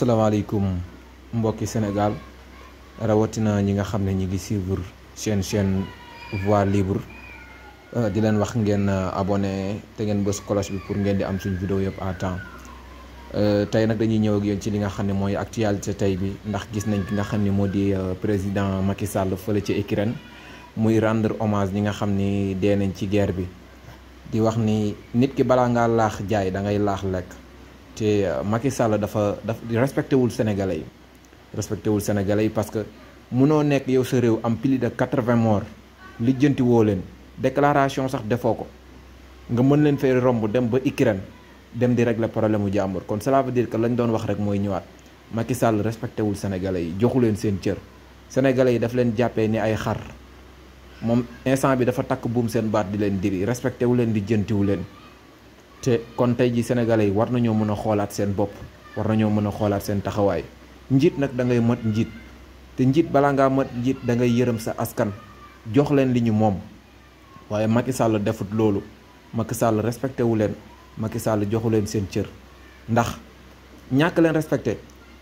asalaamaaleykum mbokki Sénégal rawatina ñi nga xam ne ñi ngi suivre chaîne chaîne voix libre euh, di leen wax ngeen euh, abonné te ngeen bës cloche bi pour ngeen di am suñu vidéo yëpp à temps euh, tey nag dañuy ñëw ak ci li nga xam ne mooy actualité tey bi ndax gis nañ ki nga xam ni moo di président Macky Sall fële ci Ukraine muy rendre hommage ñi nga xam ni dee nañ ci guerre bi di wax ni nit ki balaa ngaa laax jaay da ngay laax lekk. ci euh, Macky sàll dafa daf respecté wul Sénégalais yi respecté wul Sénégalais yi parce que mënoo nekk yow sa réew am plus de quatre-vingts morts lijjanti woo leen déclaration sax defoo ko nga mën leen fee romb dem ba Ukraine dem di régler problème mu jàmbur kon cela veut dire que lañ doon wax rek mooy ñëwaat Macky Sall respecté wul Sénégalais yi joxu leen seen cër Sénégalais yi daf leen jàppee ni ay xar moom instant bi dafa takk buum seen baat di leen diri respecté wu leen lijjantiwu leen. te kon tey ji sénégalais yi war nañoo mën a xoolaat seen bopp war nañoo mën a xoolaat seen taxawaay njiit nag da ngay mat njiit te njiit balaa ngaa mat njiit da ngay yërëm sa askan jox leen li ñu moom waaye Macky Sall defut loolu Macky Sall respecté wu leen Macky Sall joxu leen seen cër ndax ñàkk leen respecté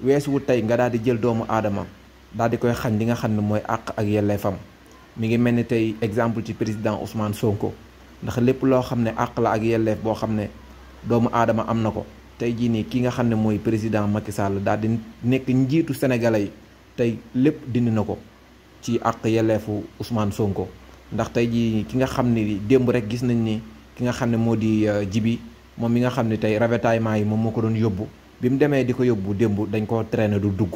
weesuwu tey nga daal di jël doomu aadama daal di koy xañ li nga xam ne mooy àq ak yelleefam mu ngi mel ni tey exemple ci président Ousmane Sonko. ndax lépp loo xam ne àq la ak yelleef boo xam ne doomu aadama am na ko tey jii nii ki nga xam ne mooy président Macky Sall daal di nekk njiitu sénégalais yi tey lépp dindi na ko ci àq yelleefu Ousmane Sonko ndax tey jii ki nga xam ni démb rek gis nañ ni ki nga xam ne moo di euh, jibi moom mi nga xam ne tey ravitaillement yi moom moo ko doon yóbbu bi mu demee di ko yóbbu démb dañ ko traîner du dugg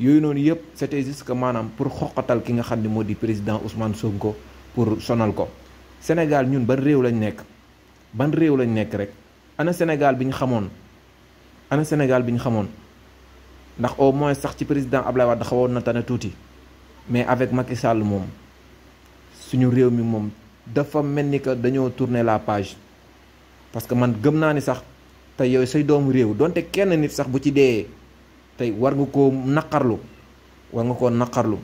yooyu noonu yëpp c'était juste que maanaam pour xoqatal ki nga xam ne moo di président Ousmane Sonko pour sonal ko Sénégal ñun ba réew lañ nekk ban réew lañ nekk rek ana Sénégal bi ñu xamoon ana Sénégal bi ñu xamoon ndax au moins sax ci président Ablaye Wade xawoon na tane tuuti mais avec Macky Sall moom suñu réew mi moom dafa mel ni que dañoo tourner la page parce que man gëm naa ni sax te yow say doomu réew donte kenn nit sax bu ci dee tey war nga koo naqarlu war nga koo naqarlu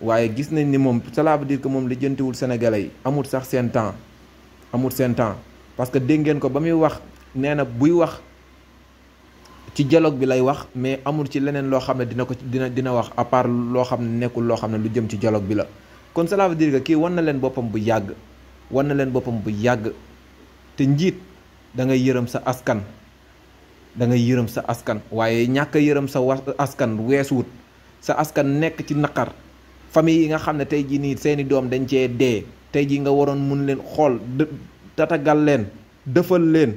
waaye gis nañ ni moom cela veut dire que moom lijjantiwul sénégalais yi amul sax seen temps amul seen temps parce que dégg ngeen ko ba muy wax nee na buy wax ci jaloog bi lay wax mais amul ci leneen loo xam ne dina ko dina dina wax à loo xam ne nekkul loo xam ne lu jëm ci dialogue bi la kon cela veut dire kii war na leen boppam bu yàgg war na leen boppam bu yàgg te njiit dangay yërëm sa askan dangay ngay yërëm sa askan waaye ñàkk yërëm sa wa askan weesuwut sa askan nekk ci naqar famille yi nga xam ne tey jii nii seeni doom dañ cee dee tey jii nga waroon mun leen xool tatagal leen dëfal leen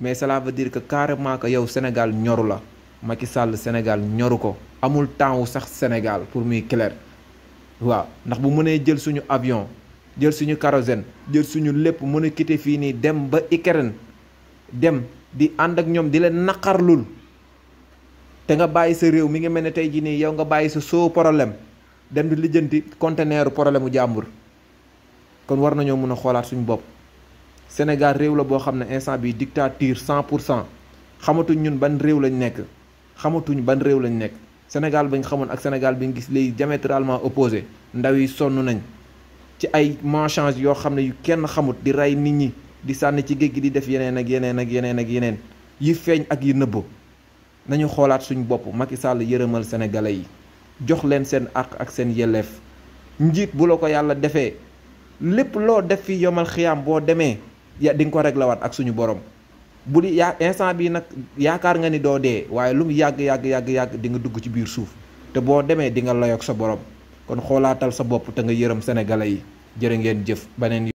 mais cela veut dire que carrément que yow senegal ñoru la Macky sàll senegal ñoru ko amul temps wu sax Sénégal pour muy clair waaw ndax bu mënee jël suñu avion jël suñu kérosène jël suñu lépp mën a quitter fii nii dem ba Ukraine dem di ànd ak ñoom di leen naqarlul te nga bàyyi sa réew mi ngi mel ne tey jii nii yow nga bàyyi sa soow problème dem di lijjanti conteneur problème mu jàmbur kon war nañoo mën a xoolaat suñu bopp Sénégal réew la boo xam ne instant bi dictature cent pour cent xamatuñ ñun ban réew lañ nekk xamatuñ ban réew lañu nekk Sénégal bañ xamoon ak Sénégal bi ñu gis léegi diamétralement opposé ndaw yi sonn nañ ci ay marchands yoo xam ne yu kenn xamut di rey nit ñi di sànni ci géej gi di def yeneen ak yeneen ak yeneen ak yeneen yi feeñ ak yi nëbb nañu xoolaat suñu bopp Macky Sall yërëmal sénégalais yi jox leen seen àq ak seen yelleef njiit bu la ko yàlla defee lépp loo def fi yomal xiyaam boo demee ya di nga ko réglawaat ak suñu borom bu di yaa instant bii nag yaakaar nga ni doo dee waaye lu yàgg yàgg yàgg yàgg di nga dugg ci biir suuf te boo demee di nga layoog sa borom kon xoolaatal sa bopp te nga yërëm sénégalais yi jërë ngeen jëf beneen